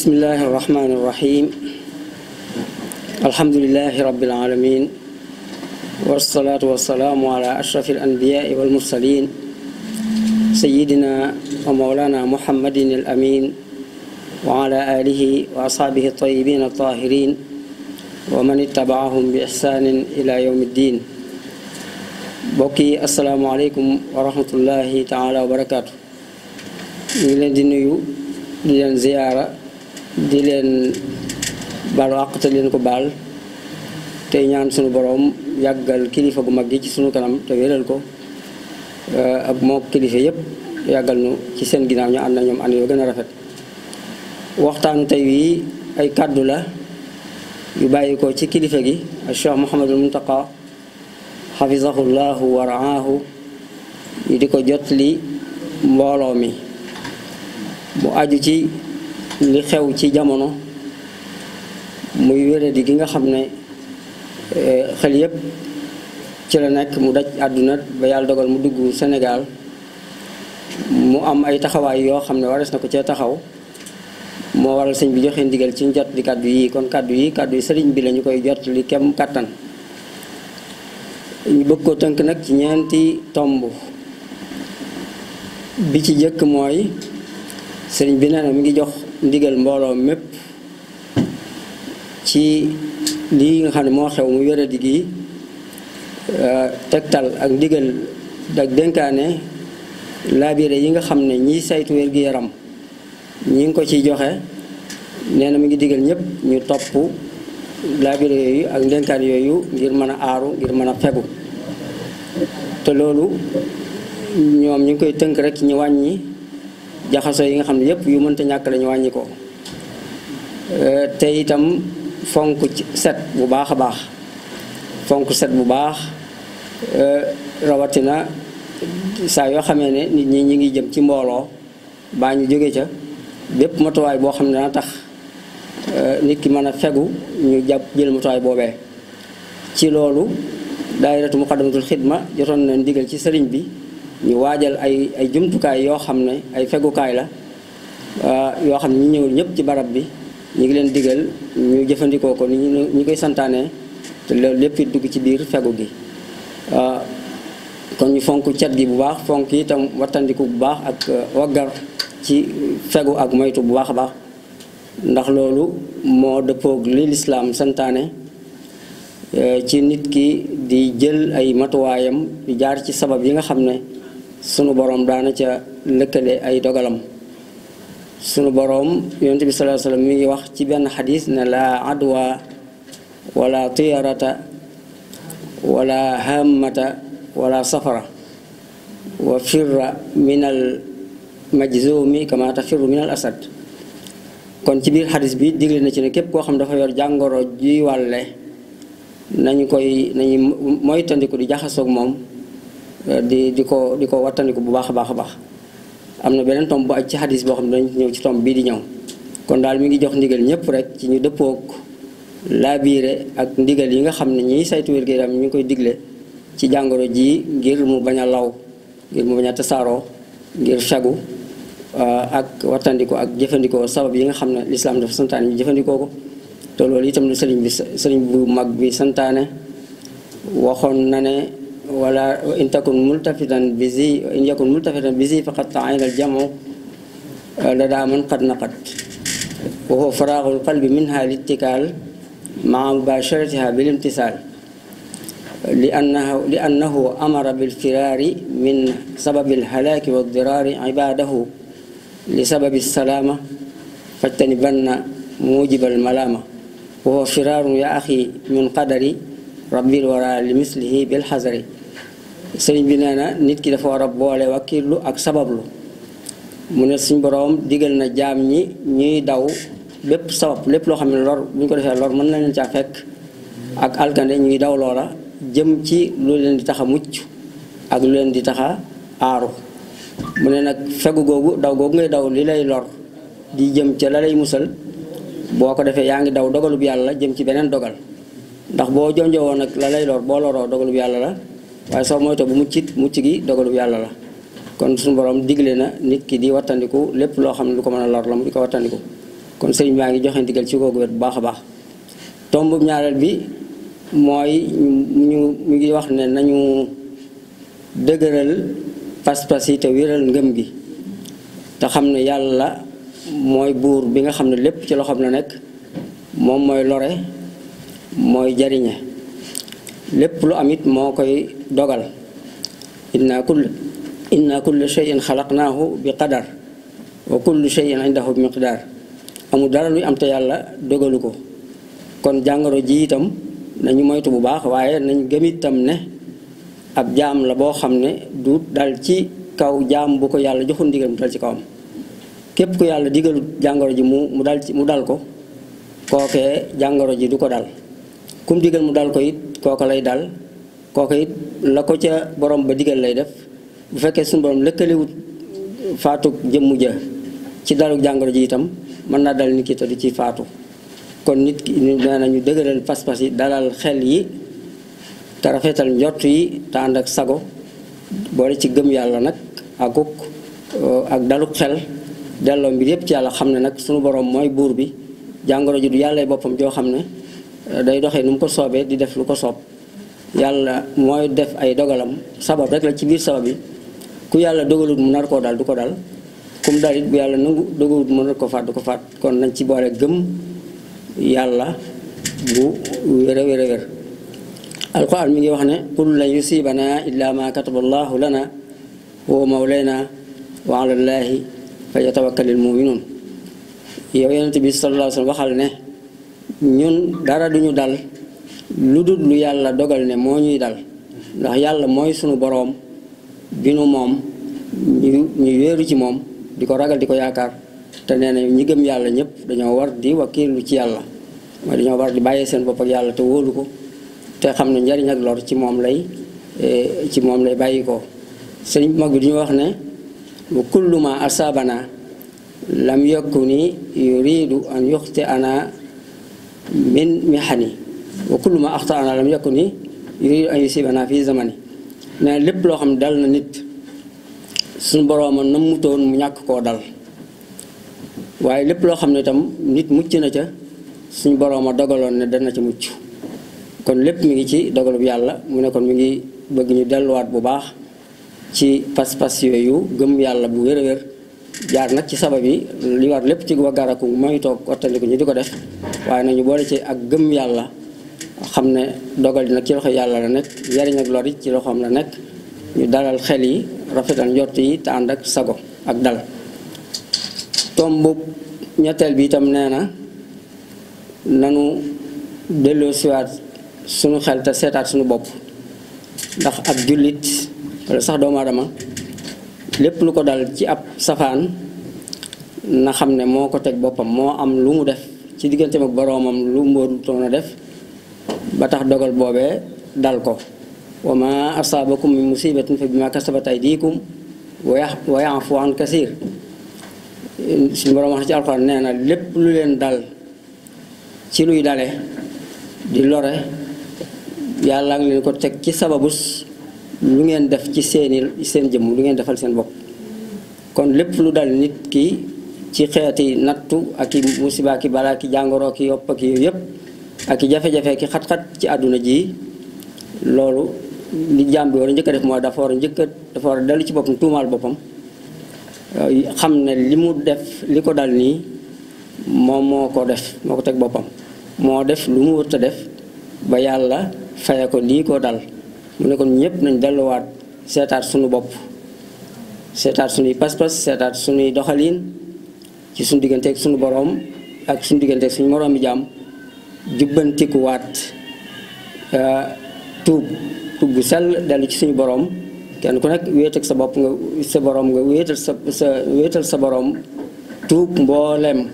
بسم الله الرحمن الرحيم الحمد لله رب العالمين والصلاة والسلام على أشرف الأنبياء والمرسلين سيدنا ومولانا محمد الأمين وعلى آله وأصحابه الطيبين الطاهرين ومن اتبعهم بإحسان إلى يوم الدين بوكي السلام عليكم ورحمة الله تعالى وبركاته ñu ngi ديان زيارة di leen baal wàq te leen ko baal tey ñaan sunu boroom yàggal kilifa gu mag gi ci sunu kanam te wéral ko eh, ak moo kilifa yëpp yàggal nu ci seen ginnaaw ñu ànd na ñoom ànd yoo gën a rafet waxtaanu tey wii ay kàddu la yu bàyyi ko ci kilifa gi ak Cheikh Mouhamadul Muntaqa xafisahullahu wa raahu yu di ko jot li mbooloo mi mu aju ci li xew ci jamono muy di gi nga xamné ne eh, xel yépp ci la nek mu daj aduna ba yalla dogal mu dugg Sénégal mu am ay taxaway yo xamné waras nako ci taxaw mo waral sëñ bi joxe ndigal ci jot di kaddu yi kon kaddu yi kaddu yi bi lañu koy jot li kem katan ñu bëgg ko tënk nak ci ñaanti tombu bi ci jëk moy sëriñ bi na mi ngi jox ndigal mbooloo mépp ci lii nga xam ne moo xew mu yore di gi tegtal ak ndigal ak dénkaane laabire yi nga xam ne ñiy saytu wér yaram ñi ngi ko ciy joxe nee na mi ngi digal ñëpp ñu topp laabire yooyu ak dénkaan yooyu ngir mën a aaru ngir mën a fegu te loolu ñoom ñu ngi koy tënk rek ci ñu wàññi jaxasoo yi nga xam ne yëpp yu mënta ñàkk la ñu wàññi ko euh, te itam fonk set bu baax a baax fonk set bu baax euh, rawatina saa yoo xamee ne nit ñi ñu ngi jëm ci mbooloo baa ñu jóge ca bépp matuwaay boo xam ne dana tax euh, nit ki mën a fegu ñu jàpp jël matuwaay boobee ci loolu daayiratu muqaddamatul xidma jotoon na ndigal ci sëriñ bi ñu waajal ay ay jumtukaay yoo xam ne ay fegukaay la ah, yoo xam ne ñu ñëwul ñëpp ci barab bi ñu ngi leen diggal ñu jëfandikoo ko ni ñu ñu koy santaane te loolu lépp dugg ci biir fegu gi ah, kon ñu fonk cet gi bu baax fonk itam wattandiku bu baax ak ah, waggar ci fegu ak moytu bu baax a baax ndax loolu moo dëppoog li lislaam santaane ci nit ki di jël ay matuwaayam di jaar ci sabab yi nga xam ne sunu boroom daana ca lëkkale ay dogalam sunu boroom yonent bi sallallahu alayhi wasallam mi ngi wax ci benn xadis ne laa adwa wala tiyarata walla hammata wala safara wa firra min al majzumi kama tafirru min asad kon ci biir xadis bi digle na ci ne képp koo xam dafa yor jàngoro juy wàlle nañu koy nañu moytandiku di jaxasoog moom di di ko di ko wattandiku bu baax a baax a baax am na beneen tomb bu aj ci xadis boo xam ne dañ ñëw ci tomb bii di ñëw kon daal mi ngi jox ndigal ñëpp rek ci ñu dëppoog laabiire ak ndigal yi nga xam ne ñi saytu wér gu ngi koy digle ci jàngoro ji ngir mu bañ a law ngir mu bañ a tasaaroo ngir sagu uh, ak wattandiko ak jëfandikoo sabab yi nga xam ne lislaam dafa santaane ñu jëfandikoo ko te loolu itam lu sëriñ bi sëriñ bu mag bi santaane waxoon na ne ولا إن تكن ملتفتا بزي إن يكن ملتفتا بزي فقد تعين الجمع آه، لدى من قد نقد وهو فراغ القلب منها الاتكال مع مباشرتها بالامتثال لأنه, لأنه أمر بالفرار من سبب الهلاك والضرار عباده لسبب السلامة فاجتنبن موجب الملامة وهو فرار يا أخي من قدر ربي الورى لمثله بالحذر sëriñ bi nee na nit ki dafa war a boole wakiirlu ak sabablu mu ne suñ boroom digal na jaam ñi ñuy daw bépp sabab lépp loo xam ne lor bu ñu ko defee lor mën na leen caa fekk ak alkande ñuy daw loola jëm ci lu di tax mucc ak leen di tax aaru mu ne nag fegu googu daw googu ngay daw li lay lor di jëm ca la lay musal boo ko defee yaa ngi daw dogalub yàlla jëm ci beneen dogal ndax boo jonjoo woon nag la lay lor boo loroo dogalub yàlla la waaye soo to bu muccit mucc gi dogalu yalla la kon sun borom diglé na nit ki di watandiku lepp lo xamni ne lu ko lor lam diko di kon sëriñ ma ngi joxe ndigal ci gogu wet bu baax tombu baax bi moy ñu mi ngi wax ne nañu dëgëral pas pasi yi te wéral ngëm gi ta xamne yalla moy bur bi nga xamne lepp ci loxoom la nek mom moy loré moy jariñe lépp lu am it moo koy dogal inna kull inna kull shay'in xalaqnaahu bi qadar wa kullu shay'in indahu bi miqdar amul dara luy am te yàlla dogalu ko kon jàngoro ji itam nañu moytu bu baax waaye nañ gëm itam ne ab jaam la boo xam ne du dal ci kaw jaam bu ko yàlla joxul ndigal mu dal ci kawam képp ku yàlla digalu jàngoro ji mu mu dal mu dal ko kookee jàngoro ji du ko dal kum digal mu dal ko it koko lay dal koko it la ko ca borom ba digal lay def bu fekke sun borom wut faatug jëmmu ja ci dalu jangoro ji itam man na dal nit ki ci faatu kon nit ni nana ñu degeural pas-pas yi dalal xel yi ta rafetal njort yi ta and ak sago boole ci gëm yalla nak akuk ak euh, daluk xel dalom mbir yëpp ci yalla xamne nak sunu borom moy bur bi jangoro ji du yalla bopam jo xamne Euh, day doxee nu mu ko soobee di def lu ko soob yàlla mooy def ay dogalam sabab rek la ci biir sabab yi ku yàlla dogalut mu nar koo dal du ko dal kum dal it bu yàlla nangu dogalut mu nar ko faat du ko faat kon nañ ci boole gëm yàlla bu wéra wéra wér mi ngi wax ne qul lan yusibana illa ma kataba llahu lana wa mawlayna wa ala llahi falyatawakkalil yow yonent bi sallallahu waxal ne ñun dara duñu dal lu dul lu yàlla dogal ne moo ñuy dal ndax yàlla mooy suñu boroom bi nu moom ñu ñu wéeru ci moom di ko ragal di ko yaakaar te nee na ñi gëm yàlla ñëpp dañoo war di wakiilu ci yàlla mooy dañoo war di bàyyee seen bopp yàlla te wóolu ko te xam ne njariñ ak lor ci moom lay eh, ci moom lay bàyyi ko sëñ mag bi duñu wax ne wa kullu ma asabana lam yakuni yuridu an yuxti ana min mihani wa kullu ma axtaana lam yakuni yuridu an yusibana fi zamani mais lépp loo xam ne dal na nit suñu borooma nam mutoon mu ñàkk koo dal waaye lépp loo xam ne itam nit mucc na ca suñu borooma dogaloon ne na ca mucc kon lépp mi ngi ci dogalub yàlla mu ne kon mi ngi bëgg ñu delluwaat bu baax ci pas-pas yooyu gëm yàlla bu wér-wér jaar nag ci sabab yi li war lépp ci waggaraku mooy toog wattandiku ñu di ko def waaye nañu boole ci ak gëm yàlla xam ne dogal dina nag ci loxo yàlla la nekk njariñ ak lor yi ci loxoom la nekk ñu dalal xel yi rafetal njort yi te ak sago ak dal tomb ñetteel bi itam nee na nanu delloo siwaat sunu xel te seetaat sunu bopp ndax ak jullit wala sax doomu aadama lepp lu ko dal ci ab safaan na xamne moko tek bopam mo am lu mu def ci digeenté mak boromam lu mboorutoon a def ba tax dogal bobé dal ko wa ma asaabakum min musibatin fa bima kasabat aydikum wa yaafu an kasir ci borom wax ci alquran neena lepp lu len dal ci luy dalé di loré yalla ngi len ko tek ci sababus lu ngeen def ci seen seen jëm lu ngeen defal seen bop kon lepp lu dal nit ki ci xeeti nattu ak musiba ki bala ki jangoro ki yop ak yépp ak jafé jafe ki xat-xat ci aduna ji lolu ni jambi bi ñëk def mo dafa war ñëk njëkk a dafa ci bopum tumal euh, xamne ne def likodal dal ni mom moko def moko tek bopam mo def lu mu wurtu def ba yalla fayako ni ko dal mu ne kon ñëpp nañ delluwaat seetaat sunu bopp seetaat sunuy pas-pas seetaat sunuy doxalin ci sunu digganteeg sunu borom ak sunu digganteeg suñu moroom bi jaam jubbantikuwaat euh, tuub tuub gu sell dellu ci suñu borom kenn ku nekk wéetal sa bopp nga sa borom nga wéetal sa sa wéetal sa borom tuub mboolem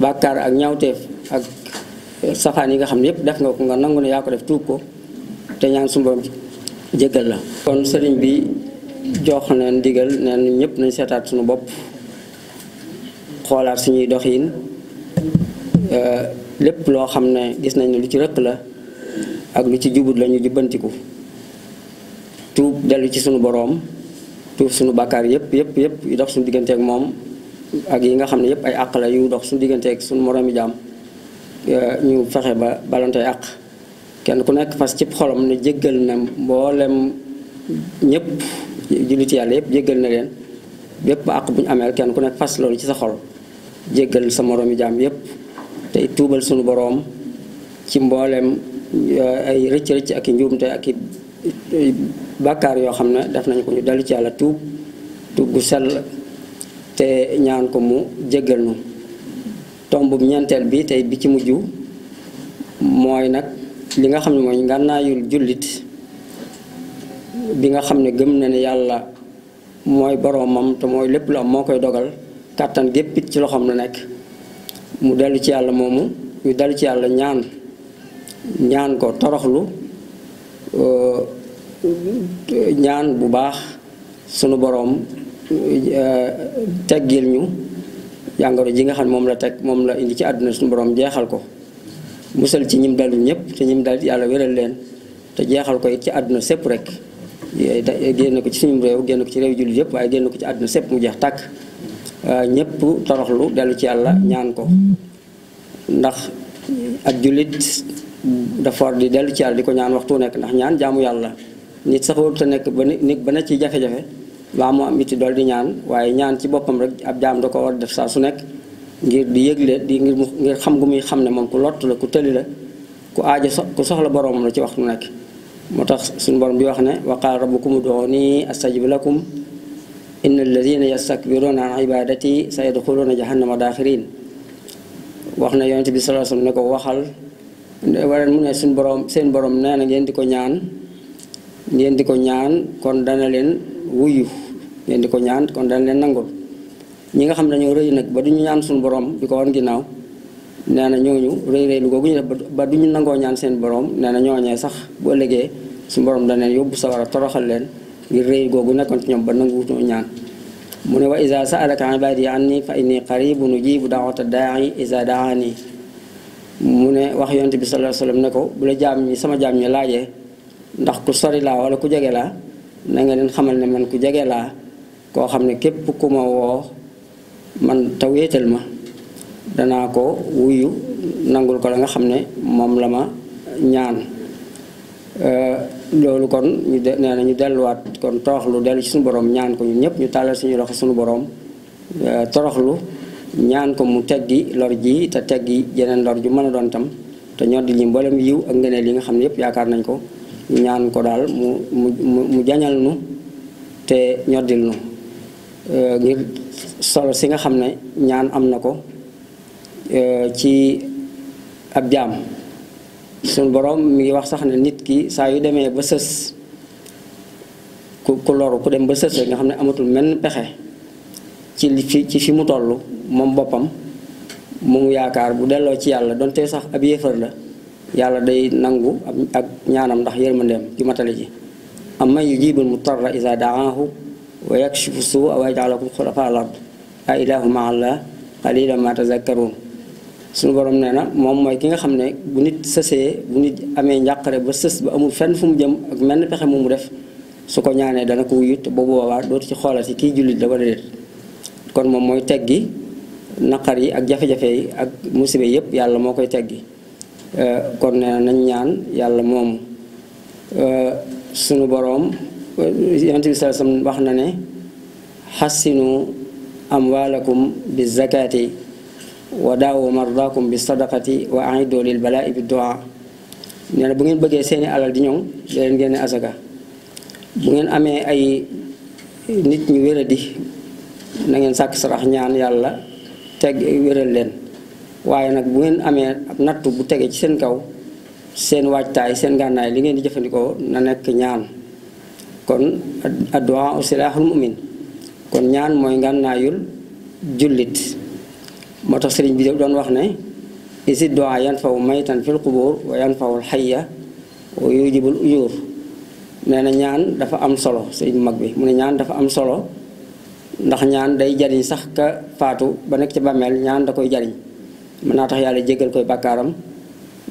bàkkaar ak ñaawteef ak safaan yi nga xam ne yépp def nga ko nga nangu ne yaa ko def tuub ko te ñaan suñu borom jëggal la kon sëriñ bi jox na ndigal neen ñëpp nañ seetaat suñu bopp xoolaat suñuy doxin euh, lépp loo xam ne gis nañ lu ci rëkk la ak lu ci jubut lañu jubbantiku tuub dellu ci suñu borom tuub suñu bakkar yépp yépp yépp yu dox suñu ak moom ak yi nga xam ne yëpp ay àq la yu dox suñu ak suñu moroomi jaam euh, ñu fexe ba balantay àq kenn ku nekk fas ci xolam ne jéggal na mboolem ñëpp jullit yàlla yëpp jéggal na leen bépp àq bu ñu ameel kenn ku nekk fas loolu ci sa xol jéggal sa moroomi jaam yëpp tey tuubal sunu boroom ci mbooleem eh, ay rëcc rëcc ak i njuumte ak i bàkkaar yoo xam ne def nañu ko ñu dellu ci yàlla tuub tuub sel te ñaan ko mu jéggal nu tomb bu ñeenteel bi tey bi ci mujj mooy nag li nga xamne moy mooy ngànnaayul jullit bi nga xamne ne gëm na ne yalla moy boromam te moy lepp lu am koy dogal kàttan géppit ci loxam la nek mu delu ci yalla momu ñu dellu ci yalla ñaan ñaan ko toroxlu euh, ñaan bu baax sunu borom euh, teggil ñu jàngoro ji nga xamne mom la tek mom la indi ci aduna suñu borom ko musal ci ñim dalul ñëpp te ñim dal yàlla wéral leen te jeexal ko it ci àdduna sépp rek génn ko ci suñu réew génn ko ci réew jullit yëpp waaye génn ko ci àdduna sépp mu jeex tàkk ñëpp toroxlu dellu ci yàlla ñaan ko ndax ak jullit dafa di dellu ci yàlla di ko ñaan waxtu nekk ndax ñaan jaamu yàlla nit sax warut a nekk ba nit ba na ci jafe-jafe baa mu am itti dool di ñaan waaye ñaan ci boppam rek ab jaam da ko war def saa su nekk ngir di yegle di ngir ngir xam gu muy xam ne moom ku lott la ku tëli la ku aaja so ku soxla borom la ci waxtu nekk moo tax borom bi wax ne wa qaala rabbukum ud'uuni astajib lakum inna yastakbiruna an ibadati sayadkhuluna jahannama dakhirin wax na yonente bi salaa wasallam ne ko waxal wala mu ne suñu borom seen borom nee na ngeen di ko ñaan ngeen di ko ñaan kon dana leen wuyu ngeen di ñaan kon dana leen nangul ñi nga xam dañoo reuy nag ba duñu ñaan suñu borom bi ko wan ginnaaw nee na ñooñu reuy reuy lu googu ba duñu nangoo ñaan seen borom neena na sax bo ëllëgee suñu borom da leen yóbbu sawara toroxal leen ngir rëy googu nekkoon ci ñoom ba nangu ñoo ñaan mu ne wa isa saalaka ibadi anni fa inni qaribun ujibu daawata da'i isa daani mu ne wax yonte bi sallallahu alayhi wasallam ne ko bu la jaam ñi sama jaam ñi laaje ndax ku sori laa wala ku jege laa na nga leen xamal ne man ku jege laa koo xam ne képp ku ma woo man taw wéetal ma dana ko wuyu nangul ko la nga xamne mom la ma ñaan eh, kon ñu neena ñu delu wat kon toroxlu delu ci borom ñaan ko ñun ñep ñu talal suñu loxo borom eh, toroxlu ñaan ko mu teggi lor ji ta teggi jeneen lor ju mën don tam te ñoo di li mboolem yiw ak ngeene li nga xamne yep yaakar nañ ko ñaan ko dal mu mu jañal nu te dil nu eh, ngir solo si nga xamne ñaan am nako euh ci ab jam sun borom mi wax sax ne nit ki sa yu deme ba seus ku ku lor ku dem ba seus nga xamne amatul ci fi ci fi mu tollu mom bopam mu mu bu delo ci don donte sax ab yéefar la yalla day nangu ak ñaanam ndax yermandem ci matali ji amma yujibul mutarra iza daahu wa yakshifu suu wa yaj'alakum xulafaa al-ard a ilaahu maa Allah qaliilan maa tazakkaruun suñu borom nee na moom mooy ki nga xam ne bu nit sësee bu nit amee njàqare ba sës ba amul fenn fu mu jëm ak menn pexe mu mu def su ko ñaanee dana ko wuyu te boobu boobaa dootu ci xoolati kii jullit la wala kon moom mooy teggi naqar yi ak jafe-jafe yi ak musibe yëpp yàlla moo koy teggi euh, kon nee na nañ ñaan yàlla moomu euh, sunu boroom yonent bi saa wax na ne xassinu amwaalakum bi zakaati wa daawu mardaakum bi sadaqati wa aidu lil balaa'i bi du'a nee bu ngeen bëggee seeni alal di ñëw da leen génne asaka bu ngeen amee ay nit ñu wéradi na ngeen sàkk sarax ñaan yàlla teg wéral leen waaye nag bu ngeen amee ab nattu bu tege ci seen kaw seen waajtaay seen gànnaay li ngeen di jëfandikoo na nekk ñaan kon addu'a usilahul mu'min kon ñaan moy ngànnaayul nayul moo tax sëriñ bi doon wax ne isi du'a yanfa maytan fil qubur wa al hayya wa yujibul uyur neena ñaan dafa am solo serign mag bi mu ne ñaan dafa am solo ndax ñaan day jariñ sax ka faatu ba nek ci bàmmeel ñaan da koy jariñ man na tax yalla jéggal koy bakaram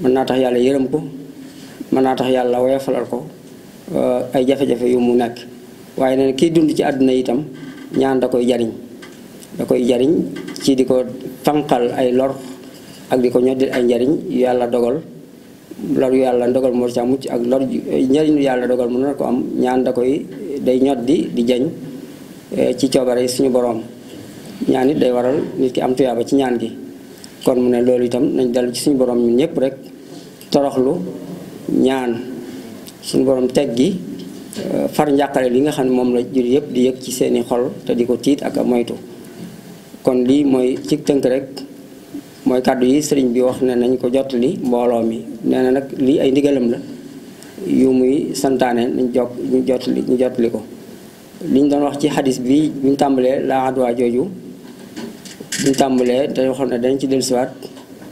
man na tax yalla yërem ko man na tax yalla wayfalal ko ay jafe-jafe yu mu nekk waaye na kiy dund ci àdduna itam ñaan da koy jariñ da koy jariñ ci di ko tànqal ay lor ak di ko ñoddil ay njariñ yàlla dogal lor yu yàlla dogal moo ca mucc ak lor njariñu yàlla dogal mën na ko am ñaan da koy day ñoddi di jañ e, ci coobare yi suñu boroom ñaan it day waral nit ki am tuyaaba ci ñaan gi kon mu ne loolu itam nañ dellu ci suñu boroom ñun ñëpp rek toroxlu ñaan suñu teg teggi euh, far njàqare li nga xam ne moom la jur yépp di yëg ci seeni xol te di ko tiit ak moytu kon lii mooy ci tënk rek mooy kàddu yi sëriñ bi wax ne nañ ko jottali mbooloo mi nee na nag lii ay ndigalam la yu muy santaane nañ jokk ñu jottali ñu jottali ko liñ doon wax ci xadis bi ñu tàmbalee la adwa jooju buñ tàmbalee dañ waxoon ne dañ ci dellusiwaat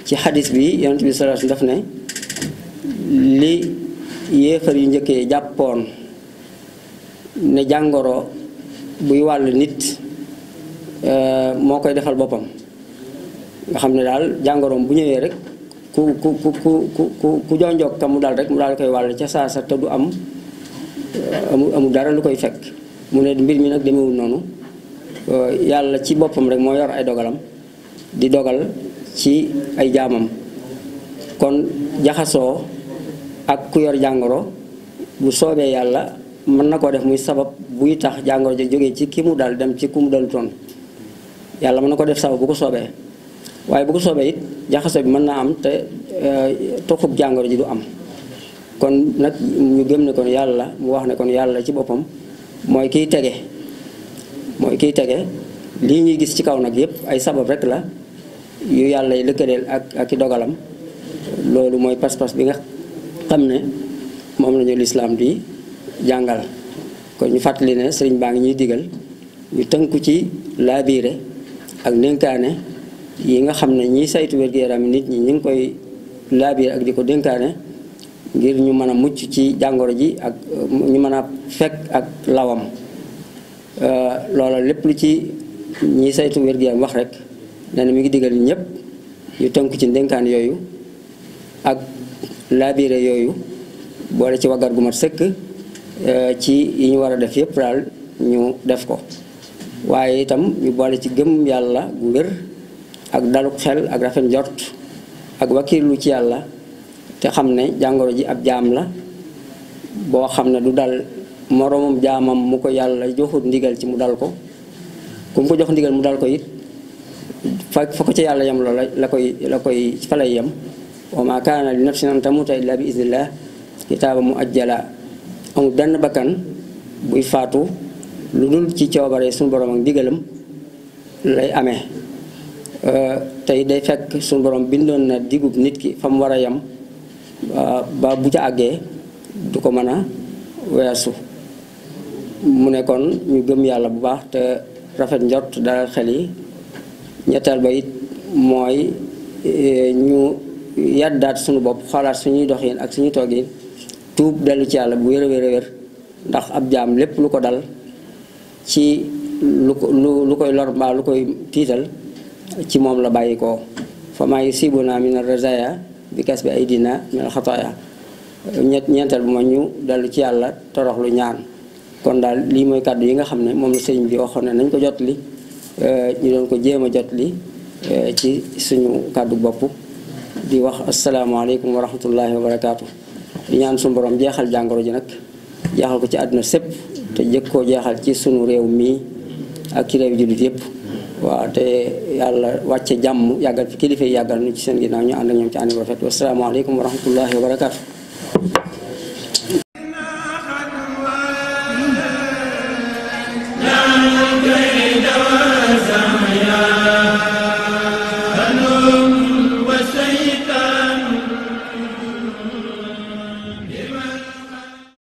ci xadis bi yonent bi sallallahu alayhi wasallam ne li yéefar yu njëkkee jàppoon ne jàngoro buy wàll nit euh, moo koy defal boppam nga xam ne daal jàngoroom bu ñëwee rek ku ku ku ku ku ku jonjoog ka mu daal rek mu daal koy wàll ca saa sa te du am euh, amul dara lu koy fekk mu ne mbir mi nag demewul noonu euh, yàlla ci boppam rek moo yor ay dogalam di dogal ci ay jaamam kon jaxasoo ak ku yor jangoro bu soobee yalla man na ko def muy sabab buy tax jangoro ji joge ci kimu dal dem ci kumu don ton yalla man mën na ko def sabab bu ko soobee waye bu ko soobee it jaxaso bi man na am te eh, tokhub jangoro ji du am kon nak ñu gem ne kon yalla mu wax ne kon yalla ci bopam moy kiy tege moy kiy tege li ñuy gis ci kaw nak yépp ay sabab rek la yu yi lëkkaleel ak ak dogalam lolu moy pas-pas bi nga xam ne moom la ñu lislaam bi jàngal kon ñu fàttali ne sëriñ baa ngi ñuy digal ñu tënku ci laabiire ak dénkaane yi nga xam ne ñiy saytu wér-gu-yaram nit ñi ñu ngi koy laabiire ak di ko dénkaane ngir ñu mën a mucc ci jàngoro ji ak uh, ñu mën a fekk ak lawam uh, loola lépp lu ci ñiy saytu wér-gu-yaram wax rek nee mi ngi digal ñëpp ñu tënku ci dénkaan yooyu ak laabire yooyu boole ci waggar gu mat sëkk euh, ci yi ñu war a def yëpp daal ñu def ko waaye itam ñu boole ci gëm yàlla gu wér ak daluk xel ak rafet njort ak wakiirlu ci yàlla te xam ne jàngoro ji ab jaam la boo xam ne du dal moroomam jaamam mu ko yàlla joxut ndigal ci mu dal ko ku mu ko jox ndigal mu dal ko it fa fa ko ci yàlla yem loola la koy la koy fa yem wa ma kaana li nafsin an tamuta illa bi idnillah kitaaba mu ajjala amul benn bakkan buy faatu lu dul ci coobare suñu borom ak lay amee euh, tey day fekk suñu bindoon na digub nit ki fa mu war a yem ba bu ca àggee du ko mën a weesu mu nekkoon kon ñu gëm yàlla bu baax te rafet njort dara xel yi ñetteel ba it mooy euh, ñu yàddaat suñu bopp xoolaat suñuy doxin ak suñuy toogin tuub dellu ci yàlla bu wér a wér wér ndax ab jaam lépp lu ko dal ci lu ko lu koy lor mbaa lu koy tiital ci moom la bàyyi koo fa maa yusibuna min ar-razaya bi kasbi aydina min al-xataaya ñett ñeenteel bu ma ñu dellu ci yàlla lu ñaan kon daal lii mooy kàddu yi nga xam ne moom la sëriñ bi waxoon ne nañ ko jotli li ñu doon ko jéem a jotli ci suñu kàddu bopp di wax asalaamaaleykum wa rahmatullahi wa barakaatu di ñaan suñu borom jeexal jàngoro ji nag jeexal ko ci àdduna sépp te jëkk koo jeexal ci sunu réew mii ak ci réew jullit yépp waaw te yàlla wàcce jàmm yàggal fi kilifa yi yàggal nu ci seen ginnaaw ñu ànd ak ñoom ci ànd bu rafet wasalaamaaleykum wa rahmatullahi wa barakaatu